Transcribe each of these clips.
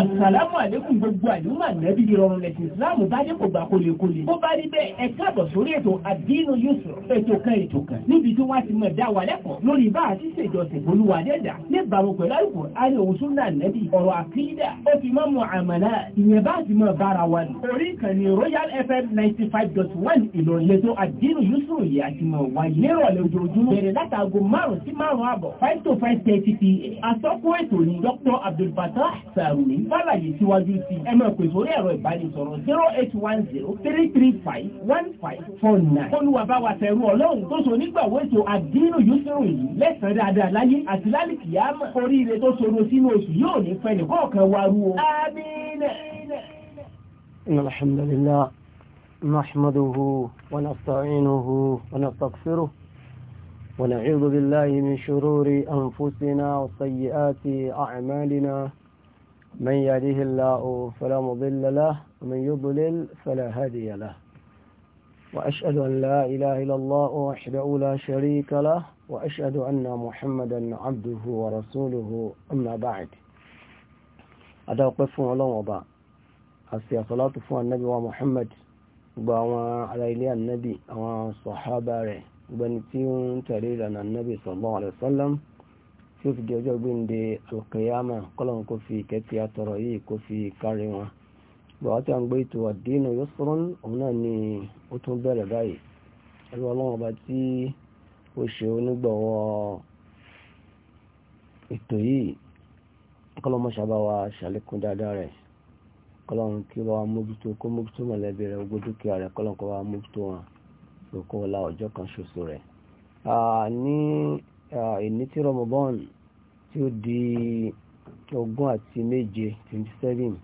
àsàlámù àlékún gbogbo àlúmà nẹ́bí ìrọ̀rùn lẹ́sìn ìsìláàmù bá dé kò gbà kólékólé. ó bá rí bẹ́ẹ̀ ẹ káàbọ̀ sórí ètò àdínú yusuf ètò kan ètò kan níbi tí wọ́n ti mọ̀ dá wa lẹ́kọ̀ọ́ lórí bá a ti ṣèjọsìn olúwa dẹ́dà níbàámu pẹ̀lú àlùkò àrí òun súnà nẹ́bí ọ̀rọ̀ àkídà ó fi mọ́ muamala ìyẹn bá ti mọ̀ bára wa nù. orí ìkànnì royal fm ninety five dot one ìlọrin àdínú yusuf yìí àti mọ̀ wáyé nírọ̀lẹ́ ojoojúmọ́ bẹ̀rẹ̀ látàgò márùn sí márùn àbọ̀ five to five thirty pa àtọ́kùn ètò ni dr abdulfatah sarumi fàlàyé síwájú sí ẹ máa pè sórí ẹ̀rọ ìbánisọ̀rọ̀ zero eight one zero three three five one five four nine. olúwa tẹ̀rù ọlọ́run tó so nígbàwó ètò àdínú yusuf yìí lẹ́sàn-án dáadáa láyé àti lálìkìyàmọ̀ oríire tó sọ̀rọ̀ sínú oṣù yóò ní fẹ́ nìkọ́ọ̀kan wa rú o. ونعوذ بالله من شرور أنفسنا وسيئات أعمالنا من يهده الله فلا مضل له ومن يضلل فلا هادي له وأشهد أن لا إله إلا الله وحده لا شريك له وأشهد أن محمدا عبده ورسوله أما بعد هذا وقف الله وبا أسيا صلاة فوى النبي ومحمد وبا على إلي النبي وصحابه وبنتين تريد أن النبي صلى الله عليه وسلم tí ó fi di ọjọ́ gbéǹde alkiyama kọ́lọ́n kó fi kẹ́tì àtọ̀rọ̀ yìí kó fi kárí wọn. bàbá tí a ń gbé ètò àdínà yusrun òun náà ni ó tún bẹ̀rẹ̀ báyìí ẹ̀rọ ọlọ́run ọba tí ó ṣe onígbọ̀wọ́ ètò yìí kọ́lọ́n mọ́ṣábà wa ṣàlékún dáadáa rẹ̀ kọ́lọ́n kí wọ́n wá mójútó kó mójútó mọ̀lẹ́bí rẹ̀ ogún dúkìá rẹ̀ kọ́lọ́n kó wá mójútó wọn ní ìní tí Ramadan tí ó di ogún àti méje twenty seven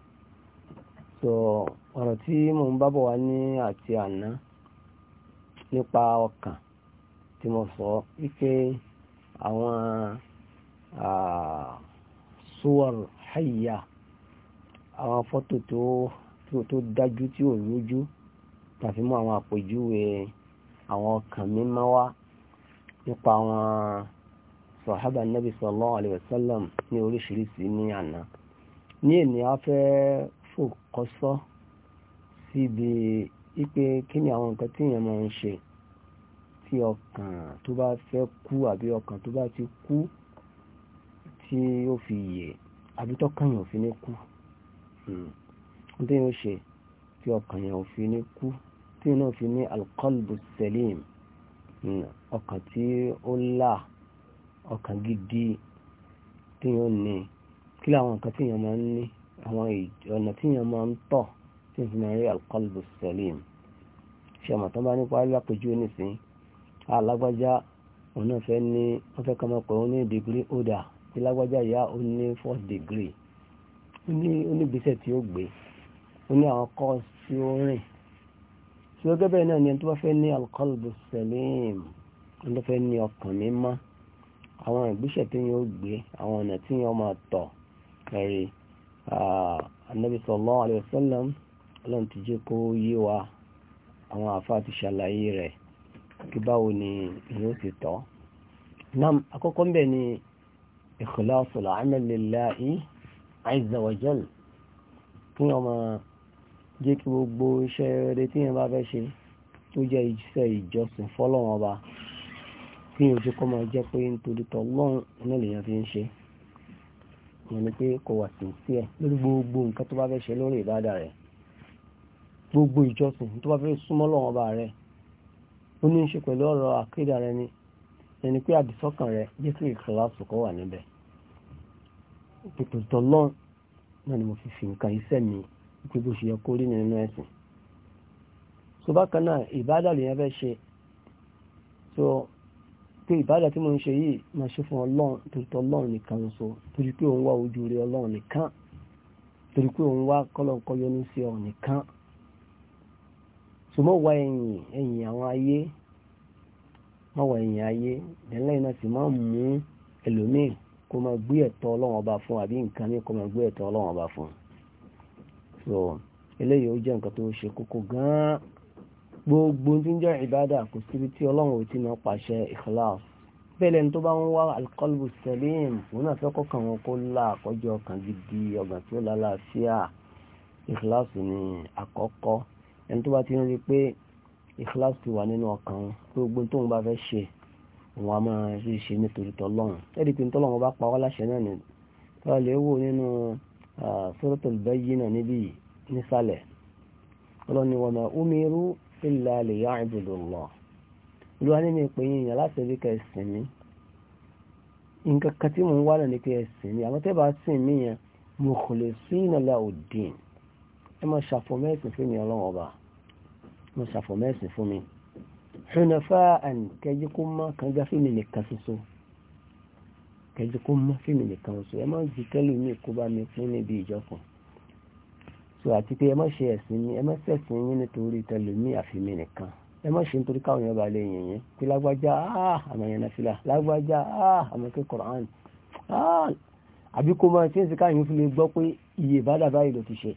so ọ̀rọ̀ tí mò ń bábọ̀ wá ní àti àná nípa ọkàn tí mo sọ wípé àwọn suwar hayya àwọn fọ́tò tó tó dájú tí ò rújú tàbí mú àwọn àpèjúwe àwọn ọkàn mímọ́ wá nípa àwọn sọ̀hábà nàbì sallallahu alaihi wasallam ní oríṣiríṣi ní àná ní èní a fẹ́ fòkọ́sọ́ síbi ipe kí ni àwọn nǹkan tí èèyàn máa ń ṣe tí ọkàn tó bá fẹ́ kú àbí ọkàn tó bá ti kú tí ó fi yè àbí tọ́kàn yẹn ò fi ní kú ǹdẹ́yìn hmm. ó ṣe tí ọkàn yẹn ò fi ní kú tí yẹn náà fi ní alqalbu salim hmm. ọkàn tí ó là ọkàn gidi téèyàn ní kí làwọn nǹkan téèyàn máa ń ní àwọn ọ̀nà téèyàn máa ń tọ̀ tí n fi máa ń rí alqalbu salim ṣe àmọ̀ tó bá nípa lápèjú nísìn alágbájá òun náà fẹ́ ní wọ́n fẹ́ kọ́ ọmọkùnrin ó ní dìgírí ódà tí lágbájá ìyá ó ní fourth degree ó ní onígbésẹ̀ tí ó gbé ó ní àwọn course tí ó rìn tí gẹ́gẹ́ bẹ́ẹ̀ náà ni ẹni tó bá fẹ́ ní alqalbu salim ẹni tó fẹ́ ní ọkàn mímọ́ àwọn ìgbésẹ̀ tí yóò gbé àwọn ọ̀nà tí yóò máa tọ̀ ẹ̀rí anabi sallallahu alayhi wa sallam ọlọ́run ti jẹ́ kó yé wa àwọn àfáà ti ṣàlàyé rẹ̀ kí báwo ni yóò ti tọ́ nam àkọ́kọ́ ń bẹ ni ikhlasul amal lillahi kí wọ́n máa jẹ́ kí gbogbo iṣẹ́ rere tí yẹn bá fẹ́ ṣe tó jẹ́ iṣẹ́ ìjọsìn fọ́lọ́wọ́n ọba kí o ṣe kọ́ máa jẹ́ pé nítorí tọ́lọ́run náà lèèyàn fi ń ṣe ìyẹn ni pé kò wà sí sí ẹ lórí gbogbo nǹkan tó bá fẹ́ ṣe lórí ìbádà rẹ̀ gbogbo ìjọsìn tó bá fẹ́ súnmọ́ lọ́wọ́ ọba rẹ̀ ó ní í ṣe pẹ̀lú ọ̀rọ̀ àkídà rẹ̀ ni ẹni pé àdìsọ́kàn rẹ̀ jẹ́ kí ìkìláàsù kọ́ wà níbẹ̀ pètòtò lọ́n náà ni mo fi fi nǹkan iṣẹ́ mi pé bó ṣe yẹ kó rí nínú ẹ̀sìn so bákan náà ìbádà lèèyàn fẹ́ ṣe so pé ìbádà tí mo ń ṣe yìí máa ṣe fún ọlọ́run torí pé ọlọ́run nìkan ń sọ torí pé òun wá ojú rẹ ọlọ́run nìkan torí pé òun wá kọ́lọ́nkọ́ yọnu sí ọ̀run nìkan sùmọ́ wá ẹ̀yìn ẹ̀yìn àwọn ayé má wá ẹ̀yìn ayé lẹ́lẹ́yìn náà sì máa mú ẹlòmíì kó máa gbé ẹ̀tọ́ ọlọ́run ọba fún àbí nǹkan ní kó máa gbé ẹ̀tọ́ ọlọ́run ọba fún so eléyìí ó jẹ́ nǹkan tó ṣe kókó gan-an gbogbo tí ń jẹ́ ìbádà kò síbi tí ọlọ́run ò ti máa pàṣẹ ikhlas bẹ́ẹ̀lẹ̀ tó bá ń wá alqalbu salim òun náà fẹ́ kọ́kàn wọn kó lá àkọ́jọ ọkàn gidi ọgbà tí ó lálàáfíà ikhlas ní àkọ́kọ́ ẹni tó bá ti ń rí pé ikhlas ti wà nínú ọkàn gbogbo tó ń bá fẹ́ ṣe òun a máa rí ṣe nítorí tọlọ́run ẹ̀rí pé tọlọ́run bá pa wá náà ni ah, tọ́lá illa liya'budullah olúwa ní mi pè yín èèyàn láti rí ká ẹ̀sìn mi nǹkan kan tí mò ń wá lọ ní pé ẹ̀sìn mi àwọn tẹ́bà sìn mí yẹn mukhlisina lahu-ddin ẹ máa ṣàfọ̀mẹ́sìn fún mi ọlọ́wọ́n ọba mo ṣàfọ̀mẹ́sìn fún mi hunafa'an kẹjí kó má kan já fíìmì nìkan ṣoṣo kẹjí kó má fíìmì nìkan ṣoṣo ẹ má jù kẹ́lù mi kó bá mi fún níbi ìjọkùn so àti pé ẹ má ṣe ẹ̀sìn yín ẹ má ṣẹ̀sìn yín nítorí tẹlẹmí àfimí nìkan ẹ má ṣe nítorí káwọn èèyàn bá lè yìn yín pé lágbájá ah, àmọ́ yẹn nàfìlà lágbájá ah, àmọ́ kí Qur'an ah, àbí kó máa ṣe é sí káyìn fi lè gbọ́ pé iye ìbádà báyìí ló ti ṣe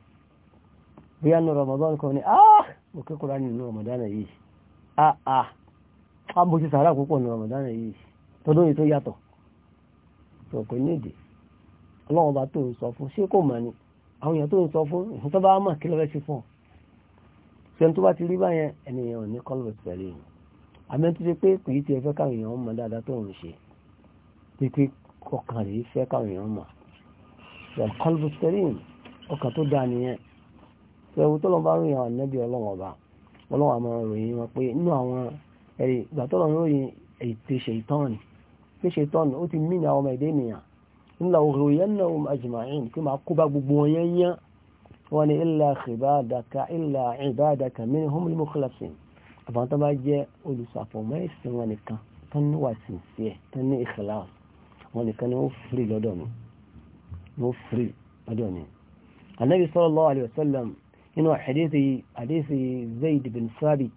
bí yánu Ramadan kan ni mo kí nínú Ramadan yìí a mo ti sàárà púpọ̀ nínú Ramadan yìí tọdún yìí tó yàtọ̀ sọ pé nídìí ọlọ́run bá tó ń sọ fún ṣé kò mọ̀ ni àwọn èèyàn tó ń sọ fún ìfún tó bá mọ̀ kí lọ́wẹ́ sí fún ṣẹ́ni tó bá ti rí báyẹn ẹnìyàn ò ní kọ́lọ̀ pẹ̀lú yìí àmì tó ṣe pé kì í ti ẹ̀fẹ́ káwọn èèyàn mọ̀ dáadáa tó ń ṣe pípé ọkàn rèé fẹ́ káwọn èèyàn mọ̀ kọ́lọ̀ pẹ̀lú yìí ọkàn tó dáa nìyẹn tó ẹwù tó lọ bá ròyìn àwọn ẹnẹ́bí ọlọ́wọ́n ọba ọlọ́wọ́n àmọ́ ròyìn wọn pé inú àwọn ẹ̀rí ìgbà ńlá òhèrè yẹn náà wọn ajma'in kí máa kó bá gbogbo wọn yẹn yẹn wọn ni illa khibadaka illa ibadaka minhum al-mukhlasin àbá tó bá jẹ́ olùsàfọ̀mọ́ ẹ̀sìn wọn nìkan tó ní wà sí sí ẹ̀ tó ní ikhlas wọn nìkan ni wọ́n firi lọ́dọ̀ mi wọ́n firi lọ́dọ̀ mi. anabi sallallahu alayhi inú hadithi zayd bin sabit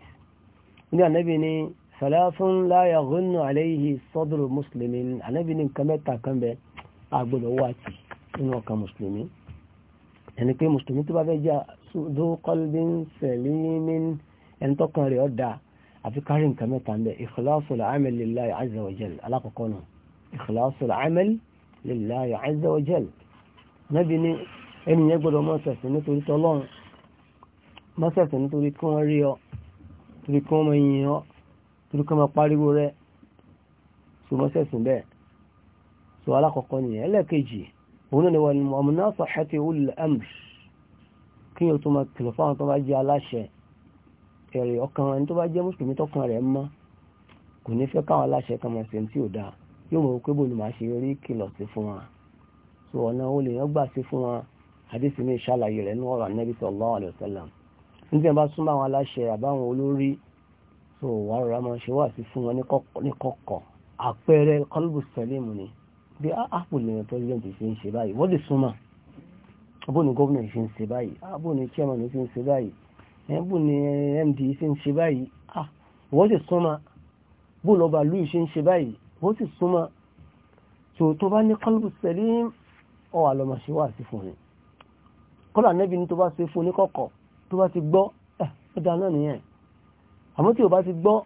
inú anabi ni salafun la yaghunnu alayhi sadru muslimin anabi ni nǹkan mẹ́ta kan bẹ́ẹ̀ àgbọ̀dọ̀ wà tì nínú ọkàn mùsùlùmí ẹni pé mùsùlùmí tó bá fẹ́ jà dó kọ́lbín sẹ̀límí ẹni tọ́kàn rẹ̀ ọ̀dà àfi kárí nǹkan mẹ́ta ńbẹ ikhlasul amal lillahi azza wa jal alákọ̀ọ́kọ́ nù ikhlasul amal lillahi azza wa jal nábì ní ẹni yẹn gbọ́dọ̀ mọ́sẹ̀sẹ̀ nítorí tọ́lọ́run so alákọ̀ọ́kọ́ ni ẹlẹ́kejì òun ni wọn ọmọná sọ̀hẹ́tì ulẹ̀ amr kí o tó máa kìlọ̀ fáwọn tó bá jẹ́ aláṣẹ ẹ̀rẹ̀ ọkàn ẹni tó bá jẹ́ mùsùlùmí tọkàn rẹ̀ mọ́ kò ní fẹ́ káwọn aláṣẹ kan máa sèǹtì ò dáa yóò mọ̀ pé bó ni màá ṣe rí kìlọ̀ sí fún wa so ọ̀nà olè yẹn gbà sí fún wa àdéhùn mi ṣàlàyé rẹ̀ ní ọ̀rọ̀ anábì sallallahu alaihi wasallam níbi ẹ̀ bá súnmọ́ àwọn aláṣẹ àbáwọn olórí so wàá rọra máa ṣe wà sí fún wọn ní kọ̀kọ̀ àpẹẹrẹ qalbu salim ni bí ápù lèyàn president ṣe ń ṣe báyìí wọ́n lè súnmọ́ bó ni gómìnà ṣe ń ṣe báyìí ah, bó ni chairman ṣe ń ṣe báyìí eh, bó ni md ṣe ń ṣe báyìí ah, wọ́n sì súnmọ́ bó lọ́ba louis ṣe ń ṣe báyìí wọ́n sì súnmọ́ tó tó bá ní kọ́lùbù sẹ́lẹ̀m ọ̀wà lọ́mọ ṣe wà sí fún ni kọ́lá nẹ́bí ni tó bá ṣe fún ní kọ̀kọ̀ tó bá ti gbọ́ ẹ̀ eh, ó dáná nìyẹn àmọ́ tí ò bá ti gbọ́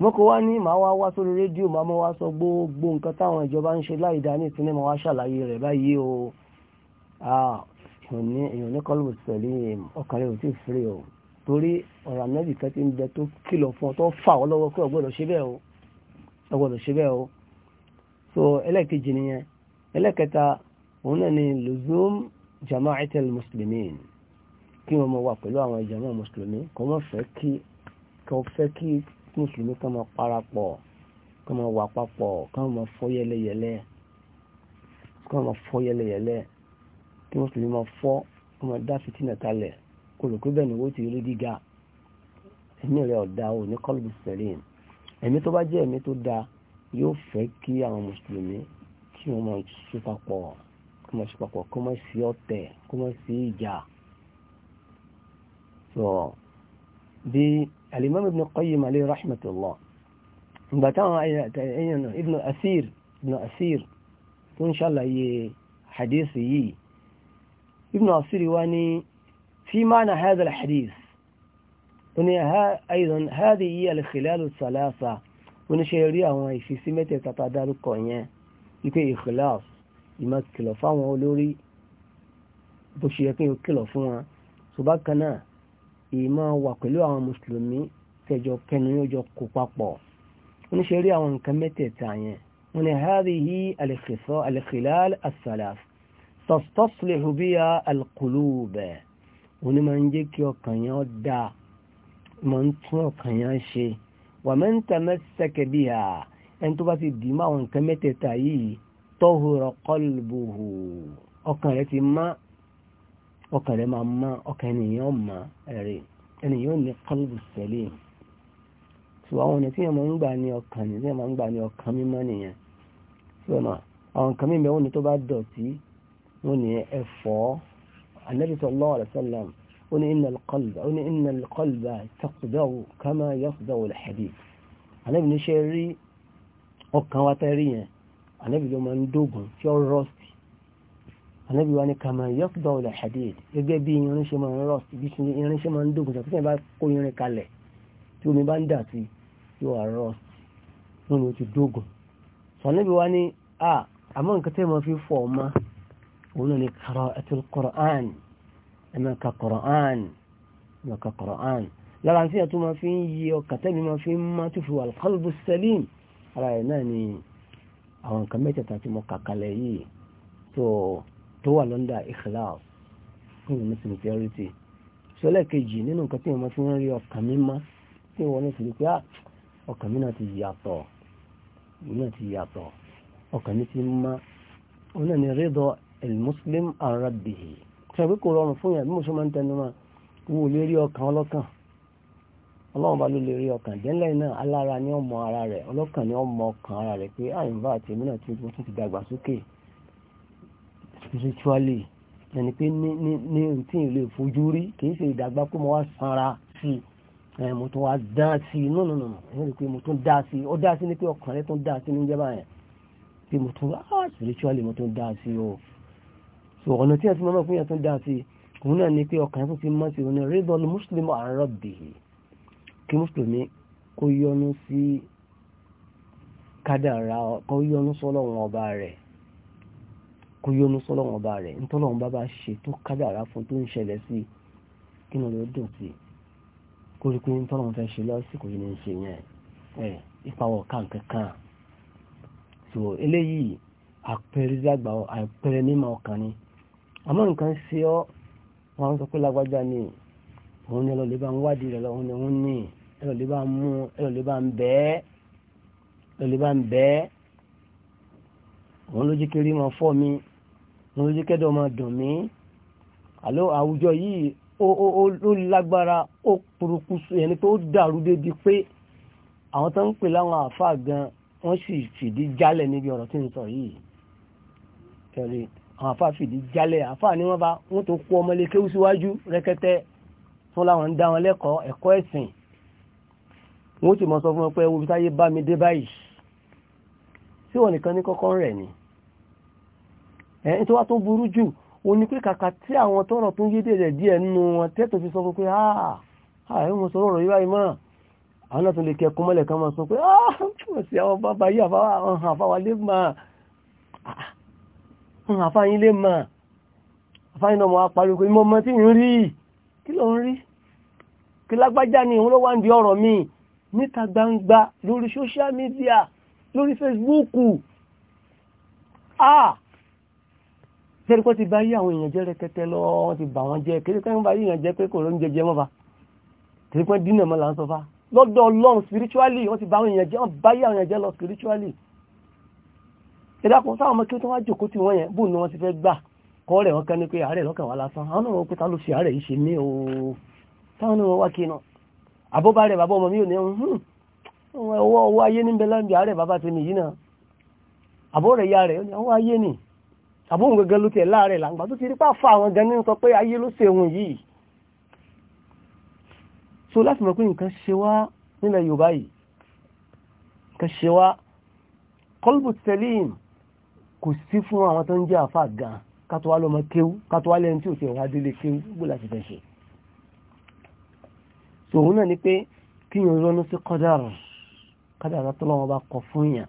mọ́kọ̀ wá ní màá wá wá sórí rédíò màá mọ́ wá sọ gbogbo nǹkan táwọn ìjọba ń ṣe láì dá ní ìpínlẹ̀ mọ́ wá ṣàlàyé rẹ̀ báyìí o èèyàn ní kọ́lù pẹ̀lú ọkàn rẹ̀ ò tí ì fèrè o torí ọ̀rọ̀ àmẹ́bì kan ti ń bẹ tó kìlọ̀ fún ọ tó fà ọ lọ́wọ́ pé ọgbọ́dọ̀ ṣe bẹ́ẹ̀ o ọgbọ́dọ̀ so ẹlẹ́ẹ̀kejì nìyẹn ẹlẹ́ẹ̀kẹta òun náà ni luzum jama'atul muslimin kí wọ́n mọ̀ wà pẹ̀lú àwọn jama'a mùsùlùmí kò mọ̀ fẹ́ kí kò fẹ́ kí kí mùsùlùmí kan máa parapọ̀ kan máa wà papọ̀ kan máa fọ́ yẹlẹyẹlẹ kan máa fọ́ yẹlẹyẹlẹ kí mùsùlùmí máa fọ́ kan máa dá fìtínà kalẹ̀ olùkú bẹ́ẹ̀ ni owó ti rí gíga ẹ̀mí rẹ̀ ọ̀dà ò ní kọ́lù sẹ́lẹ̀n ẹ̀mí tó bá jẹ́ ẹ̀mí tó da yóò fẹ́ kí àwọn mùsùlùmí kí wọ́n máa ṣe papọ̀ kó máa ṣe papọ̀ kó máa sí ọ̀tẹ̀ kó máa sí ìjà. So, alimami ibn qayyim alayhi rahmatullah ìgbà táwọn èèyàn ibn asir ibn asir tó ń ṣàlàyé hadith yìí ibn asir wa ni fi ma'na hadha al-hadith wani aidan hadhi hiya al-khilal al-thalatha wani ṣe rí àwọn ìfisí mẹ́tẹ̀ẹ̀ta tá a dárúkọ yẹn wípé ikhlas ìmọ̀ kìlọ̀ fáwọn olórí bó ṣe yẹ kí n kìlọ̀ fún wọn ṣùgbọ́n kan náà ìmọ̀ wà pẹ̀lú àwọn mùsùlùmí tẹjọ kẹnu yóò jọ kó papọ̀ oníṣẹ́ rí àwọn nǹkan mẹ́tẹ̀ẹ̀ta yẹn wọn ni hadhihi al-khilal as-salaf tastaslihu biha al-qulub òní máa ń jẹ́ kí ọkàn yẹn dá máa ń tún ọkàn yẹn ṣe wa man tamassaka biha ẹni tó bá ti dì mọ́ àwọn nǹkan mẹ́tẹ̀ẹ̀ta yìí tahura qalbuhu ọkàn rẹ̀ ti má ọkàn rẹ̀ máa mọ́ ọkàn ènìyàn mọ́ ẹ̀rẹ̀ ènìyàn ní kọlùbù sẹ́lẹ̀ tí àwọn ọ̀nà tí wọ́n máa ń gbà ní ọkàn ní tí wọ́n máa ń gbà ní ọkàn mímọ́ nìyẹn tí wọ́n máa àwọn nǹkan mímọ́ wọn ni tó bá dọ̀tí wọn ni ẹ̀fọ́ Ànábì sallallahu alaihi wasallam ní innal qalba ó ní innal qalba taqda'u ṣe rí ọkàn wa tẹ́ yẹn Ànábì anabi wa ni kama yọkùdọ̀ ọ̀lẹ̀ hadid gẹ́gẹ́ bí irin ṣe máa ń rọ̀ bí irin ṣe máa ń dògùn ṣàkóso ìbá kó irin kalẹ̀ tí omi bá ń dà sí yóò wà rọ̀ wọn ni ó ti dògùn anabi wa ni a àmọ́ nǹkan tẹ́ mọ́ fi fọ̀ ọmọ òun náà ni qira'atul Qur'an ẹ̀mọ́ ka Qur'an ẹ̀mọ́ ka Qur'an lára tí a fi ń yí ọkà tẹ́mi máa fi ń má tó fi wà So, tó wà lọ́ndà ikhlas fún ìmọ̀ sincerity ṣọlẹ̀ kejì nínú nǹkan tí wọ́n fi ń rí ọkàn mi mọ́ tí wọ́n ní fi rí pé ah, ọkàn mi náà ti yàtọ̀ mi náà ti yàtọ̀ ọkàn mi ti mọ́ òun náà ni rídọ̀ al-muslim arabihi ṣàbí kò rọrùn fún yàn bí mo ṣe máa ń tẹnu mọ́ wo lè rí ọkàn ọlọ́kàn ọlọ́run bá ló lè rí ọkàn jẹ́ńlẹ̀ náà alára ni ọmọ ara rẹ̀ ọlọ́kàn ni ọmọ ọkàn ara rẹ̀ pé àyìnbá ah, àti èmi náà ti tún ti dàgbà spiritually ẹni pé ní tí ì lè fojú rí kìí ṣe ìdàgbà pé mo wá sanra sí i mo tún wá dá sí i nínú nínú ẹni rí pé mo tún dá sí i dá sí ni pé ọkàn rẹ tún dá sí ní jẹba yẹn pé mo tún ah spiritually mo tún dá sí o so ọ̀nà tí ẹ ti mọ́ mọ́ fún yẹn tún dá sí i òun náà ni pé ọkàn tó ti mọ́ sí òun ní rídọ́nù mùsùlùmí àárọ̀ kí mùsùlùmí kó yọnu sí kádàrá kó yọnu sọ́lọ́run ọba rẹ̀ kó yónú sọ́lọ́wọ́n ọba rẹ̀ ntọ́lọ́wọ́n bá bá ṣe tó kádàrá fún tó ń ṣẹlẹ̀ sí kí ni ló dùn sí kó rí pé ntọ́lọ́wọ́n fẹ́ ṣe lọ́sìkò yìí ní í ṣe yẹn ẹ ìpawọ̀ kankankan so eléyìí àpẹẹrẹ dàgbà àpẹẹrẹ mímọ ọkàn ni àmọ́ nǹkan ṣe ọ́ wọn sọ pé lágbájá ni òun ni ẹlọ́lẹ́ bá ń wádìí rẹ̀ lọ́wọ́ ni òun ni ẹlọ́lẹ́ bá ń mú ẹlọ́lẹ́ bá ń bẹ́ẹ́ ẹlọ́lẹ́ wọn ló jẹ́ kẹ́dọ̀ máa dùn mí àlọ́ àwùjọ yìí ó lágbára ó purukusu ẹni pé ó dàrú débi pé àwọn tó ń pè láwọn àáfàá gan wọ́n sì fìdí jálẹ̀ níbi ọ̀rọ̀ tí ń sọ yìí kẹrì àwọn àáfàá fìdí jálẹ̀ àáfàá ni wọ́n bá wọ́n tó kó ọmọlé kéwú síwájú rẹ́kẹ́tẹ́ fún láwọn ń dá wọn lẹ́kọ̀ọ́ ẹ̀kọ́ ẹ̀sìn wọ́n sì mọ̀ sọ fún wọn pé ewu bí táyé bá mi dé báyìí sí wọn nìkan ní kọ́kọ́ rẹ̀ ni ẹ̀ tó wá tó burú jù ó ní pé kàkà tí àwọn tọrọ tó ń yédè rẹ̀ díẹ̀ nínú wọn tẹ́tò fi sọ pé ah ah ẹ̀ mo sọ ọ̀rọ̀ yìí báyìí mọ́ àwọn ah sí àwọn bàbá yìí àfáwà lè máa àfáyín lè máa àfáyín náà mọ́ apariwo pé mọ́ mọ́ tí ń rí kí ni òun ló wá mi níta gbangba lórí social media lórí Facebook ah sẹ́ni kó ti bá yí àwọn èèyàn jẹ́ rẹ̀kẹ́tẹ́ lọ wọ́n ti bà wọ́n jẹ́ kí wọ́n bá yí èèyàn pé kò lóúnjẹ jẹ mọ́ fa dínà mọ́ là ń lọ́dọ̀ ọlọ́run spiritually wọ́n ti bá àwọn èèyàn jẹ́ lọ spiritually. ìdákun sáwọn ọmọ kí wọ́n wá jòkó tí wọ́n yẹn bùn ni wọ́n ti fẹ́ gbà kọ́ rẹ̀ wọ́n kán ní pé àárẹ̀ lọ́kàn wà lásán àwọn náà wọ́n pé ta ló fi àárẹ̀ yìí ṣe mí o táwọn náà wọ́n wá àbóhùn gẹ́gẹ́ ló tiẹ̀ láàrẹ̀ làǹgbà tó ti rí pàfà àwọn gan ní sọ pé ayé ló se òun yìí so láti mọ̀ pé nǹkan ṣe wá nílẹ̀ Yorùbá yìí nǹkan ṣe wá kọlbù selim kò sí fún àwọn tó ń jẹ́ àfà gan kátọ́wá lọ́mọ kéwú kátọ́wá lẹ́yìn tí ò ti wá délé kéwú gbogbo láti fẹ́ ṣe so òun náà ni pé kíyàn ronú sí kádàrá kádàrá tó lọ́wọ́ bá kọ fún yàn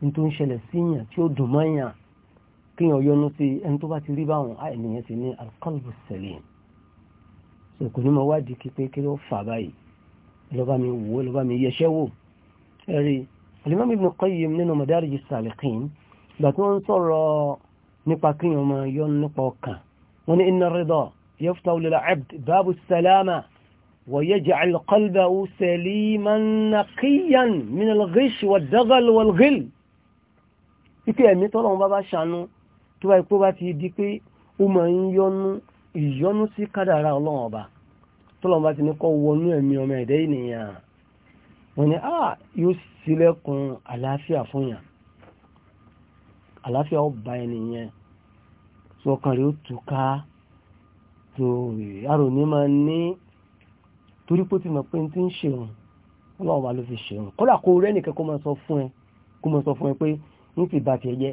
ní ń ṣẹlẹ̀ sí yàn tí ó dùn mọ́ yàn kíyàn yọnu sí ẹni tó bá ti rí báwọn ènìyàn sí ní alqalbu salim so kò ní mọ wádìí kí pé kí ló fà báyìí lọ́ba mi wò lọ́ba mi yẹṣẹ́ wò ẹ̀rí alimami ibn qayyim nínú madarij salikin ìgbà tí wọ́n ń sọ̀rọ̀ nípa kíyàn máa yọnu nípa ọkàn wọ́n ní inna rida yaftahu lil abd babu salama ويجعل قلبه سليما نقيا من الغش والدغل والغل ìpé ẹ̀mí tọ́lọ́run bá bá ṣàánú tó bá ipò bá ti di pé ó máa ń yọnu ìyọnu sí kádàrá ọlọ́run ọba tọ́lọ́run bá ti ní kọ́ wọnú ẹ̀mí ọmọ ẹ̀dẹ́ ènìyàn wọ́n ní à ah, yóò sílẹ̀kùn àlàáfíà fún yàn àlàáfíà ọba ènìyàn tí ọkàn rẹ̀ ó túká tó àrò ní máa ní torí pé ti mọ̀ pé ti ń ṣèrùn ọlọ́run ọba ló fi ṣèrùn kódà kó rẹ́nìkan kó máa sọ fún ẹ kó máa sọ fún ẹ pé ń ti bàtì ẹ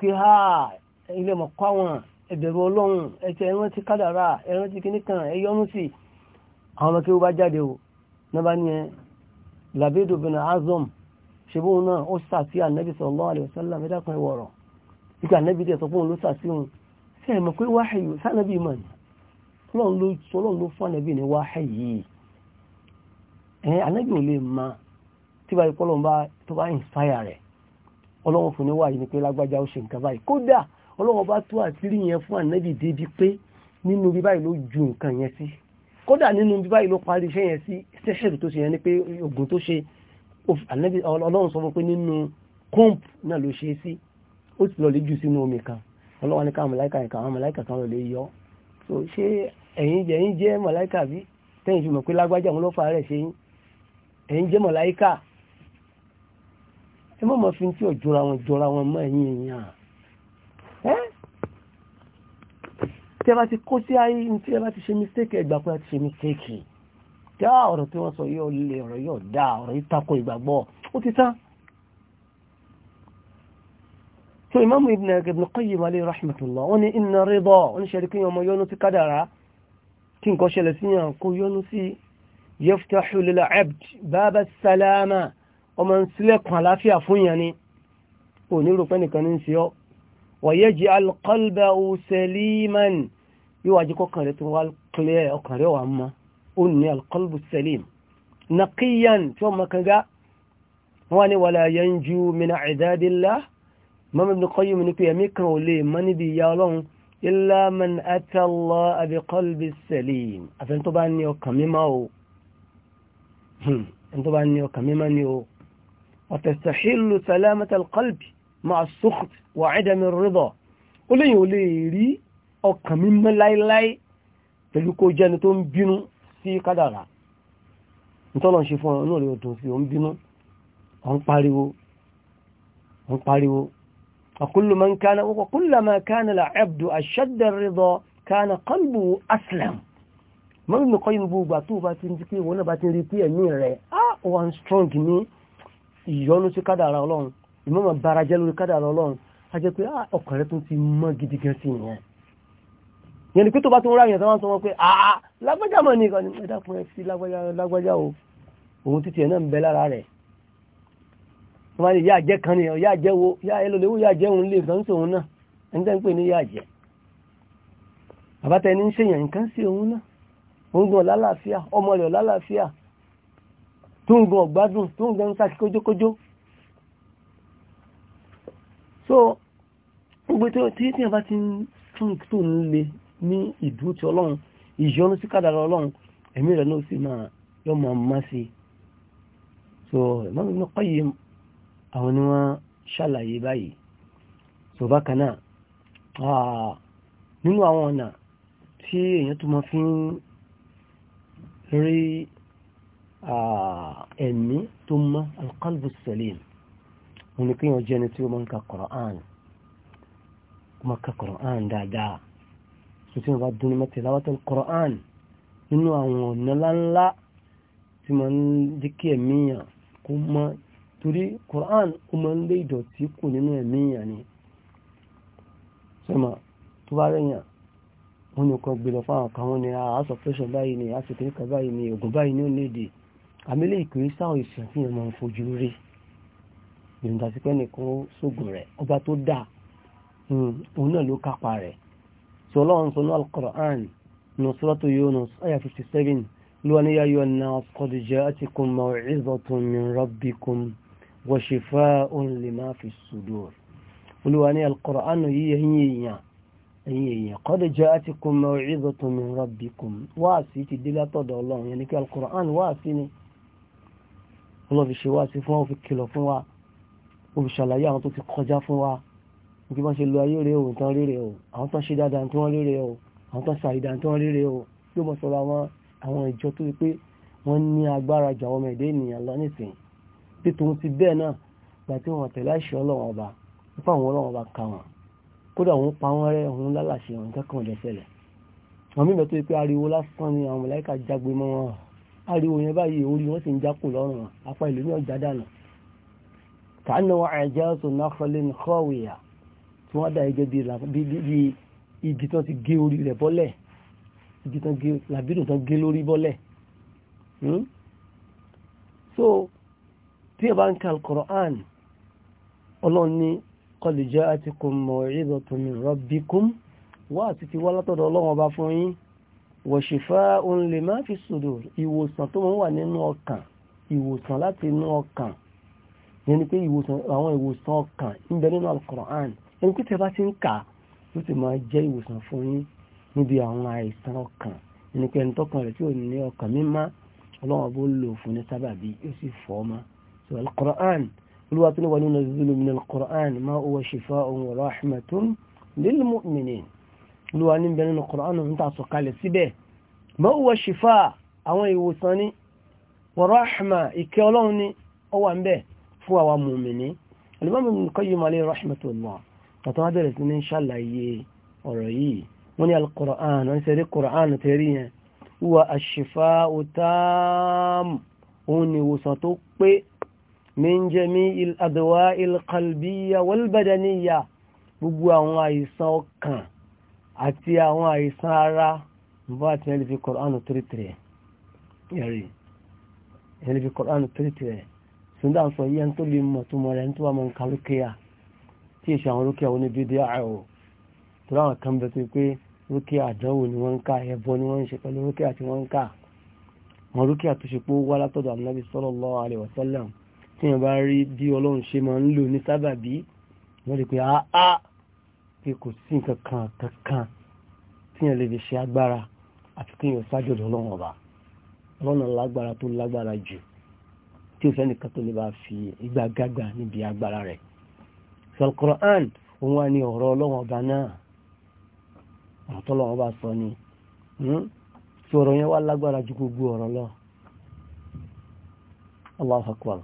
pé ha ilé mọ̀kọ́ àwọn ẹ̀bẹ̀rù ọlọ́run ẹ̀tẹ̀ ẹran ti kádàrà ẹran ti kìnnìkan ẹ̀yọ́nú sí àwọn ọmọ kí ó bá jáde o nígbà ní ẹ labedo bin azom ṣebú náà ó sàtí ànábì sallallahu alaihi wasallam ẹ̀dàkùn ẹ̀wọ̀rọ̀ ìkà ànábì dẹ̀ sọ fún òun ló sàtí òun sí ẹ̀mọ̀ pé wáhàyù sànábì mọ̀ ní ọlọ́run ló fún ànábì ní wáhàyì ẹ̀ ànábì ò lè ma tí ọlọ́wọ́ fún níwà yìí ni pé lágbájá ó ṣe nǹkan báyìí kódà ọlọ́wọ́ bá tú àṣírí yẹn fún ànábì débi pé nínú bí báyìí ló ju nǹkan yẹn sí kódà nínú bí báyìí ló parí iṣẹ́ yẹn sí ṣẹ́ṣẹ́lù tó ṣe yẹn ni pé oògùn tó ṣe ànábì ọlọ́run sọ fún pé nínú kọ́ǹp náà ló ṣe sí ó ti lọ lè jù sínú omi kan ọlọ́wọ́ ní káwọn mọ̀láìkà yẹn káwọn mọ̀láìkà kan lọ lè yọ so ṣé ẹ̀yin jẹ́ ẹ̀yin jẹ́ mọ̀láìkà bí tẹ́yìn fi mọ̀ pé lágbájá òun ló fà á rẹ̀ ṣe ẹ̀yin jẹ́ mọ̀láìkà ẹ mọ́ mọ́ fi ń tí ò jọra wọn jọra wọn mọ́ ẹ̀yìn èèyàn ẹ́ tí ẹ bá ti kó sí ayé tí ẹ bá ti ṣe mistake ẹgbà pé ẹ ti ṣe mistake dá ọ̀rọ̀ tí wọ́n sọ yóò lè ọ̀rọ̀ yóò dá ọ̀rọ̀ yìí tako ìgbàgbọ́ ó ti tán so imamu ibn ibn qayyim alayhi rahmatullah wọ́n ní inna rida wọ́n ní ṣẹ̀rí kí ọmọ yọ́nú ti kádàrá kí nǹkan ṣẹlẹ̀ sí yàn kó yọ́nú sí yaftahu lil abd baba salama ọmọ ń sílẹ̀kùn àláfíà fún yẹn ni ò ní rúpẹ́ nìkan ní sí ọ́ wayaj'al qalbahu saliman yóò wájú kọ́kàn rẹ̀ tó wá kílẹ̀ ọkàn rẹ̀ wà mọ́ ó ní al-qalbu salim naqiyan tí wọ́n mọ̀ kan gá wọ́n ní wala yanju min i'dadillah Imam Ibn Qayyim ní pé ẹ̀mí kan hmm. ọkàn mímọ́ ni o وتستحل سلامة القلب مع السخط وعدم الرضا ó léyìn ò lè rí ọkàn mímọ́ láíláí pẹ̀lú kó jẹ́ni tó ń bínú sí kádàrà nítọ́lọ̀ ṣe fún ọ̀nà rẹ̀ òdùn sí o ń bínú ọ̀n pariwo ọ̀n pariwo ọkùnlùmọ̀ kánà ọkùnlùmọ̀ kánà làẹ́bdù àṣẹ́dẹ̀rẹ̀dọ̀ kánà kọlbù aslam mọ́rin nìkan yìí gbogbo àtúbà ti ń di pé wọn náà bá ti rí pé ẹ̀mí rẹ̀ ah one strong ni ìyọnu sí kádàrà ọlọ́run ìmọ̀mọ̀ bara jẹ́ lórí kádàrà ọlọ́run a jẹ́ pé ah, ọkàn rẹ̀ tún ti mọ́ gidi gan sí ìyẹn ni pé tó bá tún ráyìn tó wọ́n sọ wọn pé àá ah, ah, lágbájá mọ̀ nìkan ni ẹ̀dá fún ẹ sí lágbájá lágbájá o òun títí ẹ̀ náà ń bẹ lára rẹ̀ wọ́n máa ní yá jẹ́ kan nìyẹn yá jẹ́ wo yá ẹlòlẹ́wò yá jẹ́ òun lè kan sóun náà ẹni tẹ́ ń pè ní yá jẹ́ bàbá tẹ́ ní ọmọ rẹ̀ lálàáfíà tó ń gan ọ̀gbádùn tó ń gan kójókójó so gbogbo tí ó tí èèyàn bá ti ń tún tó ń le ní ìdúró ti ọlọ́run ìyọnu sí kádàrá ọlọ́run ẹ̀mí rẹ̀ náà sì máa yọ máa má sí so Imam Ibn Qayyim àwọn ni wọ́n ṣàlàyé báyìí so bákan náà nínú àwọn ọ̀nà tí èèyàn tó máa fi ń rí Ah, ẹ̀mí tó mọ́ alqalbu salim mo ní kí wọ́n jẹ́ ẹni tí ó máa ń ka Qur'an kó máa ka Qur'an dáadáa tó tí wọ́n bá dún ní mẹ́ta ìlàwọ́tọ̀ Qur'an nínú àwọn ọ̀nà ńláńlá tí máa ń jẹ́ kí kó mọ́ torí Qur'an ó máa ń lé ìdọ̀tí kù nínú ẹ̀mí yàn ni sọ́mà tó bá rẹ̀yàn wọ́n ní ọkọ̀ gbé fáwọn kan wọ́n ní aṣọ ah, fẹ́ṣọ̀ báyìí ni aṣọ kìnnìkan báyìí àmìlẹ̀ ìpèrí sáwọn ìsìn tí ìmọ̀ fojú rí ìrìnà sí pé nìkan sógun rẹ̀ ọba tó dáa hmm, òun náà ló kápa rẹ̀ tí ọlọ́run sọ ní al-Qur'an ní suratu Yunus ayah 57 ló ní ya ayyuhan nas qad ja'atkum maw'izatun min rabbikum wa shifa'un lima fi sudur olúwa ní al-Qur'an yìí ẹ̀yìn èèyàn ẹ̀yìn èèyàn qad ja'atkum maw'izatun min rabbikum wáàsí ti dé látọ̀dọ̀ ọlọ́run yẹn ní kí al wáàsí ni ọlọ́fi ṣe wá sí fún wa ó fi kìlọ̀ fún wa ó fi ṣàlàyé àwọn tó ti kọjá fún wa nígbà wọ́n ṣe lo ayé rẹ̀ òun tán rírẹ̀ o àwọn tán ṣe dáadáa tí wọ́n rírẹ̀ o àwọn tán ṣàìdá tí wọ́n rírẹ̀ o yóò mọ̀ sọ́ra wọn àwọn ìjọ tó pé wọ́n ní agbára ju àwọn ọmọ ènìyàn lọ nísìn bí tòun ti bẹ́ẹ̀ náà gbà tí wọ́n tẹ̀lé àṣẹ ọlọ́wọ́n ọba ni àwọn mọ̀láìkà jágbe ariwo yẹn báyìí orí wọ́n sì ń jákù lọ́rùn wọn apá ìlú ní ọjà dànù kàánà wọn àjẹ́ tó náfọ́lé ní kọ́wìyà tí wọ́n dá ẹgẹ́ bí igi tán ti gé orí rẹ̀ bọ́lẹ̀ igi tán gé làbídùn tán gé lórí bọ́lẹ̀ hmm? so tí ẹ bá ń ka al-Qur'an ọlọ́run ní qad ja'atkum maw'izatun min rabbikum wá àti ti wá látọ̀dọ̀ ọlọ́run ọba fún yín washifa'un lima fi sudur ìwòsàn tó máa wà nínú ọkàn ìwòsàn láti inú ọkàn yẹn ni pé ìwòsàn àwọn ìwòsàn ọkàn ń bẹ nínú al-Qur'an ẹni pé tẹ bá ti ń kà ó sì máa jẹ́ ìwòsàn fún yín níbi àwọn àìsàn ọkàn ẹni pé ẹni tọkàn rẹ̀ tí ò ní ọkàn mímá ọlọ́wọ́n bó lò fún ní sábàbí ó sì fọ́ ọmọ so al olúwa tó ní wà nínú ìlú min al-Qur'an ma huwa shifa'un wa rahmatun lil mu'minin olúwa ní bẹ̀rẹ̀ nínú Kùránì ń tà sọ̀kalẹ̀ síbẹ̀ ma huwa shifa àwọn ìwòsàn ni wa rahma ìkẹ́ ọlọ́run ni ó wà ń bẹ̀ fún àwa mùmìnì Al-Imam Ibn Qayyim alayhi rahmatullah tàtà wá bẹ̀rẹ̀ sí ní ṣàlàyé ọ̀rọ̀ yìí wọ́n ní al-Qur'an gbogbo àwọn àìsàn ọkàn àti àwọn àìsàn ara bá ti ẹni fi kọ̀ránù tírítírì ẹ̀rí ẹni fi kọ̀ránù tírítírì ṣùgbọ́n àwọn sọ yẹn tó lè mọ̀ tó mọ̀ rẹ̀ tó wà mọ̀ nǹkan lókèyà tí èṣù àwọn lókèyà wọn ní bídí àrò tó láwọn kan bẹ tó pé lókèyà àdánwò ni wọ́n ń ká ẹbọ ni wọ́n ń pé kò sí nǹkan kan kankan tíyàn lè fi ṣe agbára àti tíyàn ṣáájú ọ̀dọ̀ ọlọ́run ọba ọlọ́run lágbára tó lágbára jù tí o fẹ́ nìkan tó lè bá fi igbá gágbà níbi agbára rẹ̀ sọlkọrọ́án òun wá ní ọ̀rọ̀ ọlọ́run ọba náà ọ̀rọ̀ tọ́lọ́run ọba sọ ni hmm? sọ̀rọ̀ yẹn wá lágbára ju gbogbo ọ̀rọ̀ lọ Allahu akbar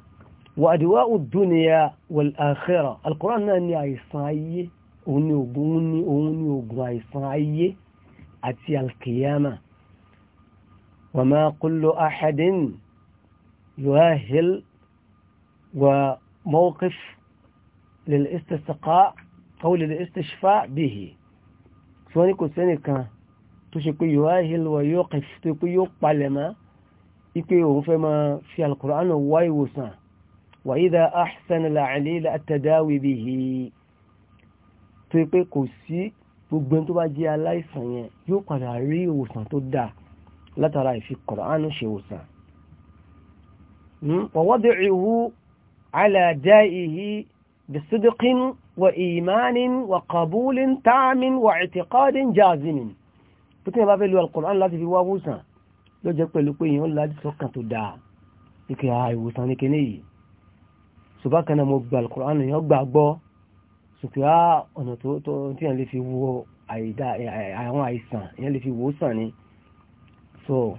wa adwa'u dunya wal akhirah alkọrọ́án náà ní àìsàn ayé òun ni oògùn ní òun ni oògùn àìsàn ayé àti alkiyama wa ma kullu ahadin yuahil wa mawqif lil istisqa aw lil istishfa bihi tí wọ́n ní kò sẹ́nìkan tó ṣe pé yuahil wa yuqif tó pé yóò palẹ̀mọ́ ipe òun fẹ́ máa fi alkùránù wá ìwòsàn wa idha ahsana al-alil at-tadawi bihi tó yẹ pé kò sí gbogbo ẹni tó bá jẹ́ aláìsàn yẹn yóò padà rí ìwòsàn tó dáa látara ìfi Kùránì ṣe ìwòsàn. Hmm? wa wad'ihi ala da'ihi bisidqin wa imanin wa qabulin ta'amin wa i'tiqadin jazimin. pété yẹn bá fẹ́ lu Al-Kùránì láti fi wá wòsàn ló jẹ́ pẹ̀lú pé èèyàn láti sọ́kàn tó dáa ike ìwòsàn ní kíní yìí ṣùgbọ́n kan náà mo gba Al-Kùránì yẹn gbàgbọ́ sùkúrá ah, ọ̀nà tó tó tí yẹn lè fi wo àìdá àwọn àìsàn yẹn lè fi wò sàn ni so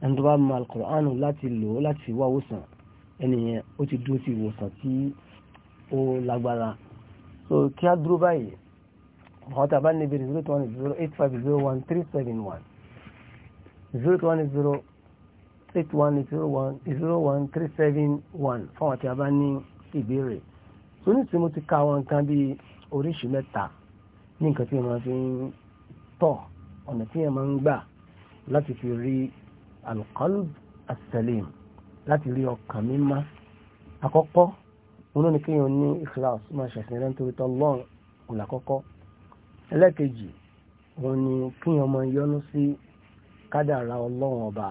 ẹni tó bá mọ alukur'an láti lò ó láti fi wá òsàn ẹni yẹn ó ti dúró sí ìwòsàn tí ó lágbára so kí á dúró báyìí àwọn tá a bá níbi zero one zero eight five zero one three seven one zero one zero eight one zero one zero one three seven one fún àwọn tí a bá ní ìbéèrè so ní ìsinmi ti ka àwọn nǹkan bíi oríṣi mẹ́ta ní nǹkan tí wọ́n fi ń tọ̀ ọ̀nà tí wọ́n máa ń gbà láti fi rí alqalb as-salim láti rí ọkàn mímá àkọ́kọ́ wọn ní kéèyàn ní ikhlas máa ṣẹ̀sìn rẹ̀ nítorí tọ́ lọ́rùn ọ̀là kọ́kọ́ ẹlẹ́kejì wọn ni kéèyàn máa yọnu sí kádàrá ọlọ́run ọba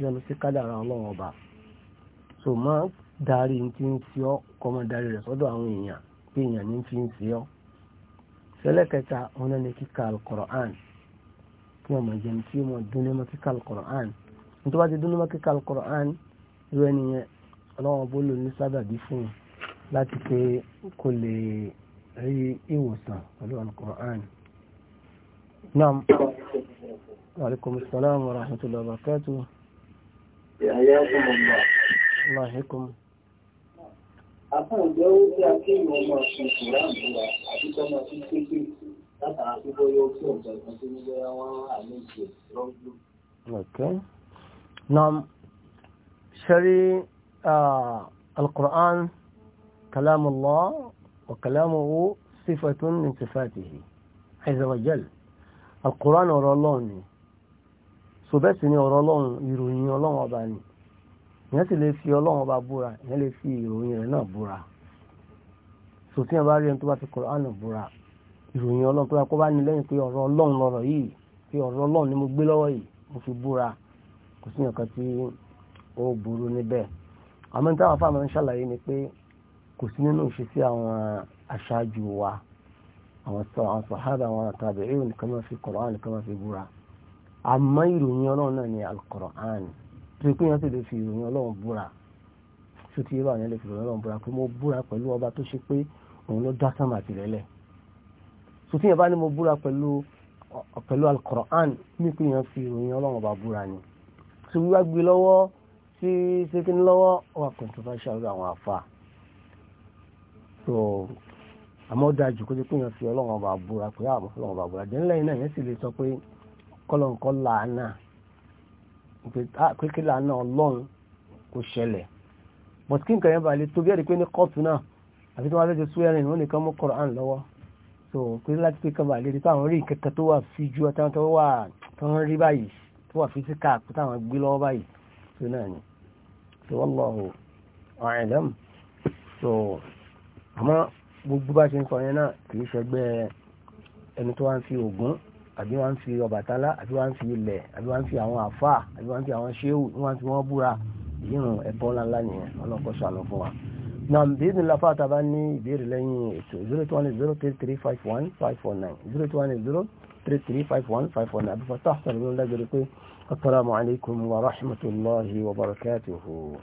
yọnu sí kádàrá ọlọ́run ọba so máa darí tí ń fi ọ́ kọ́mọ darí rẹ̀ sọ́dọ̀ àwọn èèyàn pé èèyàn ní fi ń fi ọ́ sẹlẹ́kẹta wọn náà ní kíkà alukoran kí wọn máa jẹun tí wọn dún ní ma kíkà alukoran nítorí wọn ti dún ní ma kíkà alukoran irú ẹni ọlọ́wọ́n bó lò ní sábàbí fún un láti pé kò lè rí ìwòsàn pẹ̀lú alukoran. naam aleykum salaam wa rahmatullahi wa barakatuh. yàrá yàrá kò mọ̀ mọ́. aláhìkùn àfáàjẹ́ ó tí a kí ìwọ̀n máa fi ìṣúra ìbúra àti tọ́mọ tí kéèké látara tó bọ́ yọ sí ọ̀gá ìkan tó ní bẹ́ẹ̀ wọ́n àmì القرآن lọ́gbọ́n. Okay. Naam, ṣẹ́rí Al-Qur'an kalamullah wa kalamuhu sifatun min sifatihi azza wa ìyẹn sì lè fi ọlọ́run bá búra ìyẹn lè fi ìròyìn rẹ̀ náà búra so tí wọn bá rí ẹni tó bá fi Kùránì búra ìròyìn ọlọ́run tó bá kó bá ní lẹ́yìn pé ọ̀rọ̀ ọlọ́run lọ́rọ̀ yìí pé ọ̀rọ̀ ọlọ́run ni mo gbé lọ́wọ́ yìí mo fi búra kò sí nǹkan tí ó burú níbẹ̀ àmọ́ táwọn afáàmọ́ ń ṣàlàyé ni pé kò sí nínú ìṣesí àwọn aṣáájú wa àwọn sàhábà àwọn tàbíìn nìkan máa fi Kùránì nìkan máa fi búra àmọ́ ìròyìn ọlọ́run náà ni Al-Kùránì torí pé yẹn sì lè fi ìròyìn ọlọ́run búra tó ti yẹ́bà yẹn lè fi ìròyìn ọlọ́run búra pé mo búra pẹ̀lú ọba tó ṣe pé òun ló dá sánmà àtìlẹ́lẹ̀ tó ti yẹn bá ní mo búra pẹ̀lú alukoran ní pé yẹn fi ìròyìn ọlọ́run ọba búra ni tó wíwá gbé lọ́wọ́ sí sékíní lọ́wọ́ wà controversial lórí àwọn àfa so àmọ́ dájú kó jẹ́ pé yẹn fi ọlọ́run ọba búra pé àwọn ah, ọlọ́run ọba búra jẹ́ ńlẹ́yìn náà yẹn sì lè sọ pé kọ́lọ́nkọ́ làánà kékeré ah, àná ọlọ́run kò ṣẹlẹ̀ but kí nǹkan yẹn bá lè tó bí ẹ̀rí pé ní kóòtù náà àti tí wọ́n fẹ́ ti sún ẹ̀rìn wọn nìkan mú Kùránì lọ́wọ́ so pé láti pé kan bá lè rí táwọn rí kẹ̀kẹ́ tó wà fi ju ọtá tó wà tó ń rí báyìí tó wà fi síkà pé táwọn gbé lọ́wọ́ báyìí so náà ni so wallahu a'lam so àmọ́ gbogbo bá àbí wọ́n fi Ọbàtálá àbí wọ́n fi ilẹ̀ àbí wọ́n fi àwọn àfà àbí wọ́n fi àwọn ṣéwù àbí wọ́n fi wọ́n búra ìyírun ẹ̀bọ́ ńláńlá nìyẹn ọlọ́kọ́ sànù fún wa. náà bíbí ńlá fáta bá ní ìbéèrè lẹ́yìn ètò zero two one zero three three five one five four nine zero two one zero three three five one five four nine àbúfọ̀ tó àṣà lóun lágbèrè pé asalaamualeykum wa rahmatulahi wa barakatuhu.